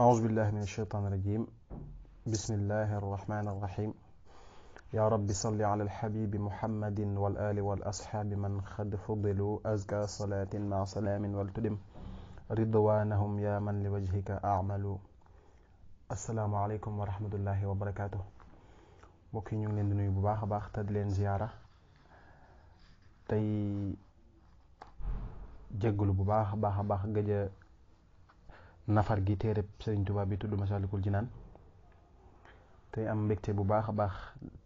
أعوذ بالله من الشيطان الرجيم بسم الله الرحمن الرحيم يا رب صل على الحبيب محمد والآل والأصحاب من خد فضلوا أزكى صلاة مع سلام والتدم رضوانهم يا من لوجهك أعمل السلام عليكم ورحمة الله وبركاته ممكن يوم لندن ngi leen di nuyu bu baax a baax te nafar gi téré Serigne Touba bi tudd Masaalikul jinan tay am mbégte bu baax a baax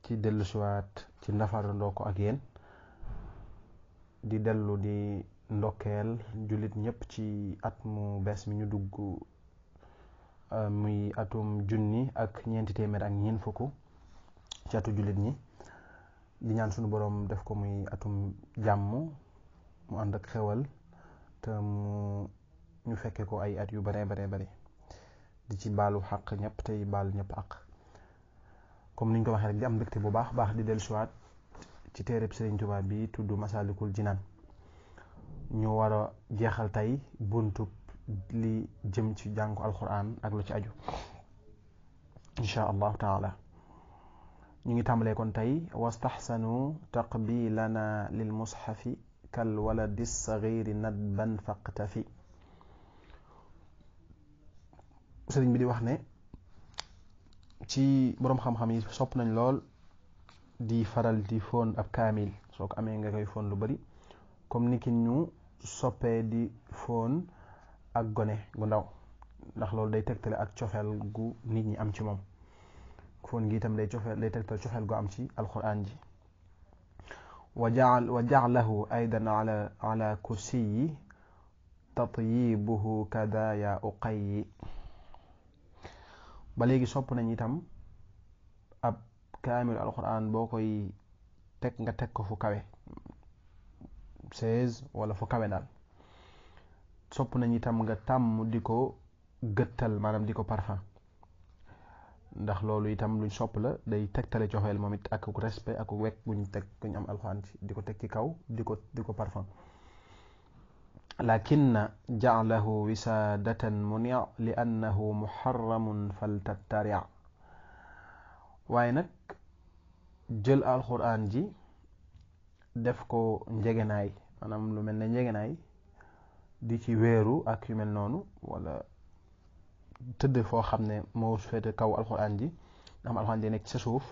ci dellusiwaat ci nafar ko ak yeen di dellu di ndokkeel julit ñëpp ci at mu bees mi ñu dugg euh, muy atum junni ak ñent témer ak ñeent fuku ci atu julit ñi di ñaan suñu borom def ko muy atum jamm mu ànd ak xewal te mu ñu fekke ko ay at yu baree baree bari di ci baalu xaq ñépp tey baal ñëpp àq comme niñ ko waxee rek di am mbégte bu baax baax di dellusiwaat ci téere Sëriñ Tuubaa bi tudd Masaalikul Jinaan ñu war a jeexal tey buntub li jëm ci jàngu alquran ak lu ci aju insha allahu taala ñu ngi tàmbalee kon tey wastaxsanu taqbilana lil musxafi kal waladi sagiri nadban faqtafi sëriñ bi di wax ne ci boroom xam-xam yi sopp nañ lool di faral di fóon ab kaamil soo ko amee nga koy fóon lu bari comme ni ki ñu soppee di fóon ak gone gu ndaw ndax loolu day tegtale ak cofeel gu nit ñi am ci moom fóon gi itam day cofeel day tegtale cofeel gu am ci alquran ji wa jaal wa jaalahu aydan ala ala kursiyi tatyibuhu kada ya uqayi ba léegi sopp nañ itam ab kaamil alquran boo koy teg nga teg ko fu kawe seize wala fu kawe daal sopp nañ itam nga tàmm di ko gëttal maanaam di ko parfum ndax loolu itam luñ sopp la day tegtale coxeel moom it ak respect ak wekk buñ teg buñ am alxuraan di ko teg ci kaw di ko di ko parfum لكن جعله وسادة منع لأنه محرم فلتترع waaye nag jël alxuraan ji def ko njegenaay maanaam lu mel ne njegenaay di ci weeru ak yu mel noonu wala tëdd foo xam ne moo kaw alxuraan ji nga xam alxuraan ji nekk sa suuf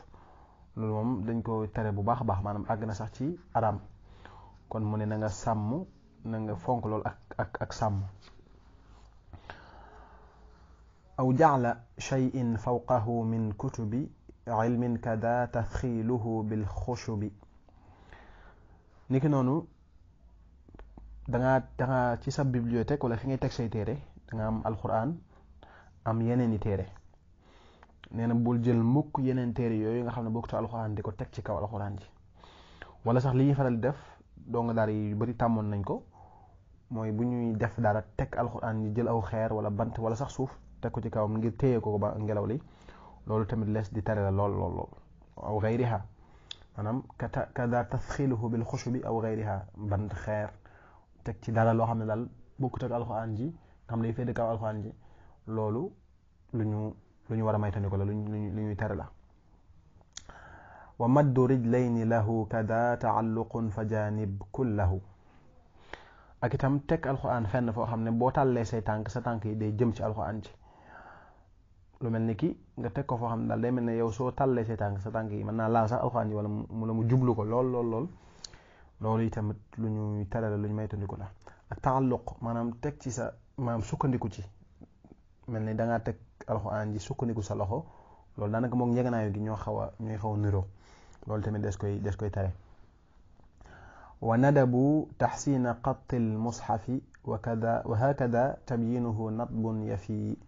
loolu moom dañ ko tere bu baax a baax maanaam àgg na sax ci araam kon mu ne na nga sàmm na nga fonk lool ak ak ak sàmm aw jacla cheyin fawqahu min kutubi ilmin kada tadxiluhu bilxushubi noonu dangaa dangaa ci sa bibliothèque wala fi ngay teg say téere danga am alquran am yeneen i téere nee na bul jël mukk yeneen téere yooyu nga xam ne bokkut alquran di ko teg ci kaw alquran ji sax li ñuy faral di def doo nga daal yu bari tàmmoon nañ ko mooy bu ñuy def dara teg alxuraan ñu jël aw xeer wala bant wala sax suuf teg ko ci kawam ngir téye ko ba ngelaw li loolu tamit les di tare la lool lool lool aw gayriha maanaam kada tasxiluhu bil xushubi aw gayriha bant xeer teg ci dara loo xam ne daal bokkut ak alxuraan ji xam ne fee kaw alxuraan ji loolu lu ñu lu ñu war a la lu ñuy tere la wa maddu rijlayni lahu kada taalluqun fa janib ak itam teg alxuraan fenn foo xam ne boo tàllee say tànk sa tànk yi day jëm ci alxuraan ci lu mel ni ki nga teg ko foo xam ne daal day mel ne yow soo tàllee say tànk sa tànk yi mën naa laal sax alxuraan yi wala mu la mu jublu ko lool lool lool loolu itamit lu ñuy tarale lu ñu maytandiku la ak maanaam teg ci sa maanaam sukkandiku ci mel ni dangaa teg alxuraan ji sukkandiku sa loxo loolu daanaka moom njeganaayu gi ñoo xaw a ñooy xaw a niroo loolu tamit des koy des koy tare wa nadabu taxsiina qatti almusxafi wa kada wa hakada tabyinuhu nadbun yafi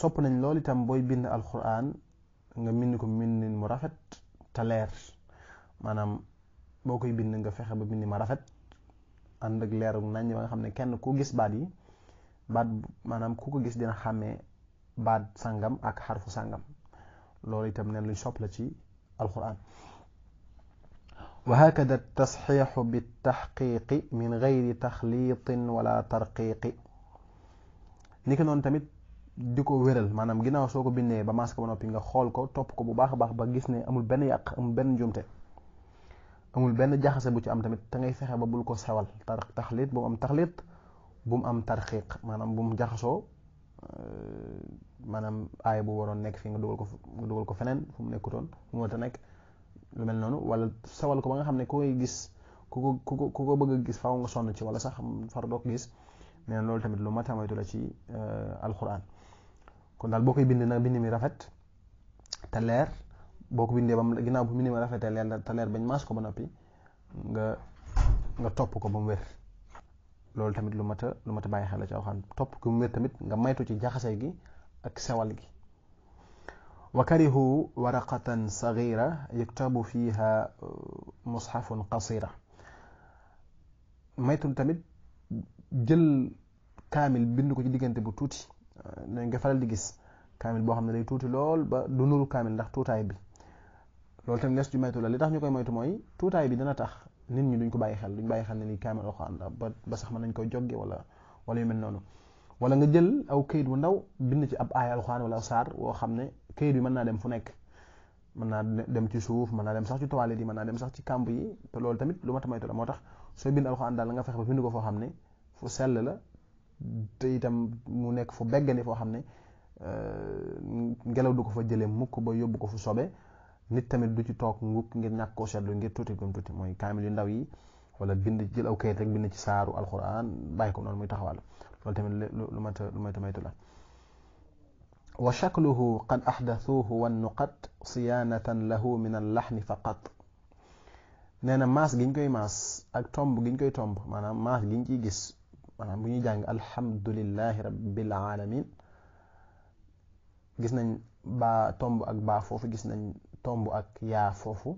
sopp nañ loolu itam booy bind alquran nga mbind ko mbindin mu rafet te leer maanaam boo koy bind nga fexe ba bind ma rafet ànd ak leeru nañ ba nga xam ne kenn ku gis baat yi baat maanaam ku ko gis dina xàmmee baat sàngam ak xarfu sàngam loolu itam ne luñ sopp la ci alquran وهكذا التصحيح بالتحقيق من غير تخليط ولا tarqiiqi ni ki noonu tamit di ko wéral maanaam ginnaaw soo ko bindee ba maas ko ba noppi nga xool ko topp ko bu baax a baax ba gis ne amul benn yàq amul benn jumte amul benn jaxase bu ci am tamit te ngay fexe ba bul ko sewal tar taxlit bu mu am taxlit bu mu am tarqiiq maanaam bu mu jaxasoo maanaam aaya bu waroon nekk fii nga dugal ko nga dugal ko feneen fu mu nekkutoon fu mu war a nekk lu mel noonu wala sawal ko ba nga xam ne ku koy gis ku ko ku ko ku ko bëgg a gis faaw nga sonn ci wala sax far doo ko gis nee loolu tamit lu mat a ci euh, alquran kon daal boo koy bind nag bind mi rafet te leer boo ko bindee ba bu bind mi rafetee leer te leer maas ko ba noppi nga topp ko ba mu wér tamit lu mat a lu mat bàyyi xel la ci topp ko mu wér tamit nga maytu ci jaxase gi ak sewal gi وكرهوا ورقة صغيرة يكتب فيها مصحف قصيرة maytul tamit jël kaamil bind ko ci diggante bu tuuti nañ uh, nga faral di gis kaamil boo xam ne day tuuti lool ba du nuru kaamil ndax tuutaay bi lool tamit nees ju maytu la li tax ñu koy moytu mooy tuutaay bi dana tax nit ñi duñ ko bàyyi xel duñ bàyyi xel ne ni kaamil alxuraan ba ba sax ma nañ koy jogge wala wala yu mel noonu wala nga jël aw kayit wu ndaw bind ci ab aaya alxuraan wala saar woo xam ne kayit bi mën naa dem fu nekk mën naa dem ci suuf mën naa dem sax ci toilette yi mën naa dem sax ci camp yi te loolu tamit lu ma tamaytu moo tax soo bind alxuraan daal nga fexe ba bind ko foo xam ne fu sell la te mu nekk fu beggani foo xam ne euh, ngelaw du ko fa jëlee mukk ba yóbbu ko fu sobe nit tamit du ci toog ngukk ngir ñàkk koo seetlu ngir tuuti gum mooy kaamil yu ndaw yi wala bind jël aw kayit rek bind ci saaru alxuraan bàyyi ko noonu muy taxawal وشكله قد أحدثوه والنقط صيانة له من اللحن فقط نانا ماس جينكوي ماس اك تومب جينكوي تومب مانا ماس جينكي جيس مانا بني جانج الحمد لله رب العالمين جيس نان با تومب اك با فوفو جيس نان تومب اك يا فوفو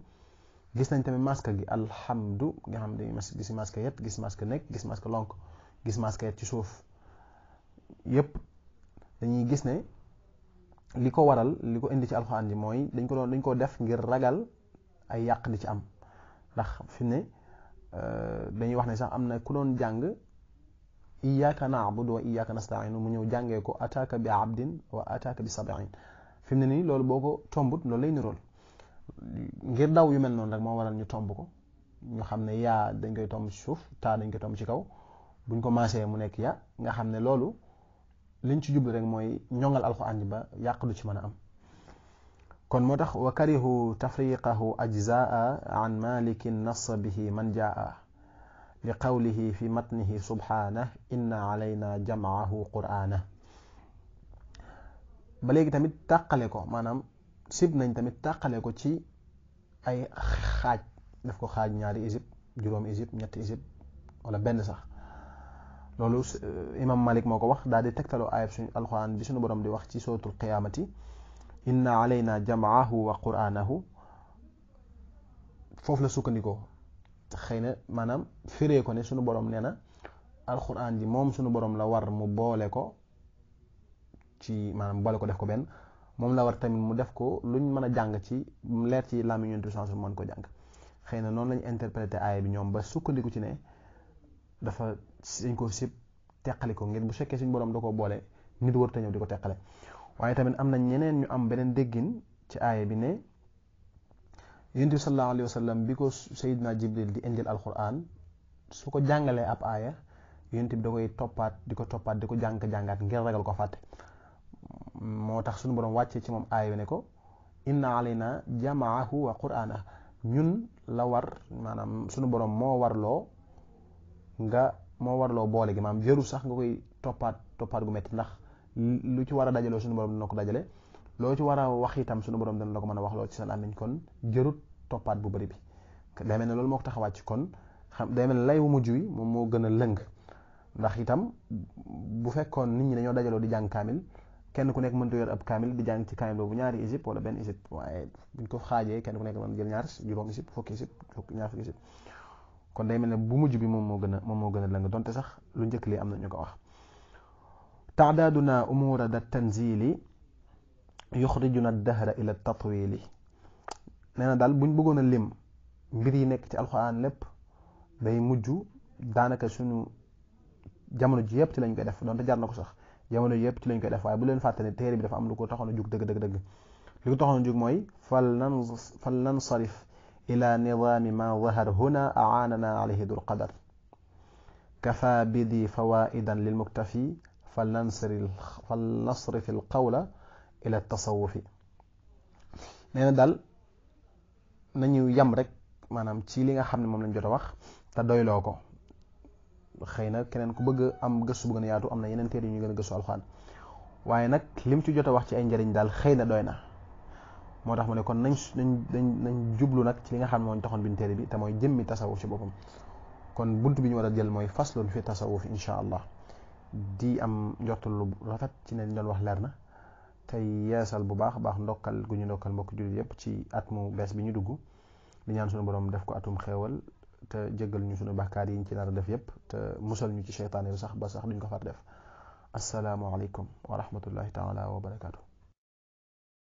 جيس نان تمي ماسكا جي الحمد جيس ماسكا يت جيس ماسكا نك جيس ماسكا لونك جيس ماسكا يت تشوف yépp dañuy gis ne li ko waral li ko indi ci alxuraan ji mooy dañ ko doon dañ ko def ngir ragal ay yàq di ci am ndax fi ne euh, dañuy wax ne sax am na ku doon jàng iyyaka na'budu wa iyyaka nasta'in mu ñëw jàngee ko ataaka bi abdin wa ataaka bi sab'in fi mu ne nii loolu boo ko tombut loolu lay nirool ngir daw yu mel noonu rek moo waral ñu tomb ko ñu xam ne yaa dañ koy tomb ci suuf taa dañ koy tomb ci kaw buñ ko maasee mu nekk ya nga xam ne loolu liñ ci jublu rek mooy ñoŋal alxuraan ji ba yàq du ci mën a am kon moo tax wa karihu tafriqahu ajzaa an malikin nassa bihi man jaa li qawlihi fi matnihi subhaanah inna alayna jamaahu quraana ba léegi tamit taqale ko maanaam sib nañ tamit tàqale ko ci ay xaaj daf ko xaaj ñaari isib juróomi wala benn sax loolu euh, imam malik moo ko wax daal di tegtaloo ayab suñu alquran bi suñu borom di wax ci sootul qiyaamati inna alayna jamaahu wa quraanahu foofu la sukkandikoo xëy na maanaam firee ko ne suñu borom nee na alquran ji moom suñu borom la war mu boole ko ci maanaam boole ko def ko benn moom la war tamit mu def ko luñ mën a jàng ci leer ci làmmiñu yonent bi man ko jàng xëy na noonu lañ interprété aaya bi ñoom ba sukkandiku ci ne dafa dañ ko sib teqali ko ngir bu sekkee suñ borom da ko boole nit warut ñëw di ko teqale waaye tamit am na ñeneen ñu am beneen déggin ci aaya bi ne yonent bi sallallahu bi ko Seydina Jibril di indil alquran su ko jàngalee ab aaya yonent bi da koy toppaat di ko toppaat di ko jàng jàngaat ngir ragal ko fàtte moo tax suñu borom wàccee ci moom aaya bi ne ko inna alayna jamaahu wa qur'aana ñun la war maanaam suñu borom moo warloo nga moo warloo boole gi maam virus sax nga koy toppaat toppaat gu metti ndax lu ci war a dajaloo suñu borom dana ko dajale loo ci war a wax itam suñu borom dana la ko mën a wax loo ci seen àmmiñ kon jërut toppaat bu bëri bi day mel ne loolu moo ko kon xam day mel ne lay wu mujj wi moom moo gën a lëng ndax itam bu fekkoon nit ñi dañoo dajaloo di jàng kaamil kenn ku nekk mënta yor ab kaamil di jàng ci kaamil boobu ñaari isib wala benn isib waaye buñ ko xaajee kenn ku nekk mën jël ñaar juróom isib fukki isib ñaar fukki kon day mel ne bu mujj bi moom moo gën a moom moo gën a lëng donte sax lu njëkk li am na ñu ko wax taadaaduna umuura da tanzili na dahra ila tatwili nee na daal buñ bëggoon a lim mbir yi nekk ci alxuraan lépp day mujj daanaka suñu jamono ji yëpp ci lañ koy def donte jar na ko sax jamono ji yëpp ci lañ koy def waaye bu leen fàtte ne bi dafa am lu ko taxoon a jug dëgg dëgg dëgg li ko taxoon jug mooy fal nan fal nansarif ila nidaami ma zahar huna aanana alayhi dul qadar kafa bidi fawaidan lil muktafi fal nasrif al qawla ila tasawufi nee na daal nañu yam rek maanaam ci li nga xam ne moom lañ jot a wax te doyloo ko xëy na keneen ku bëgg am gëstu bu gën a yaatu am na yeneen téere yu ñu gën a gëstu alxuraan waaye nag lim ci jot a wax ci ay njëriñ daal xëy na doy na moo tax mu ne kon nañ nañ nañ jublu nag ci li nga xam ne moo taxoon bind téere bi te mooy jëmmi tasawuf ci boppam kon bunt bi ñu war a jël mooy fas faslun fi tasawuf incha allah di am njortul lu rafet ci ne doon wax leer na tey yeesal bu baax baax ndokkal gu ñu ndokkal mbokk jullit yëpp ci at mu bees bi ñu dugg di ñaan suñu borom def ko atum xeewal te jéggal ñu suñu bakkaar yi ñu ci nar def yëpp te musal ñu ci seytaane sax ba sax duñ ko far def asalaamaaleykum wa rahmatullahi taala wa barakaatu.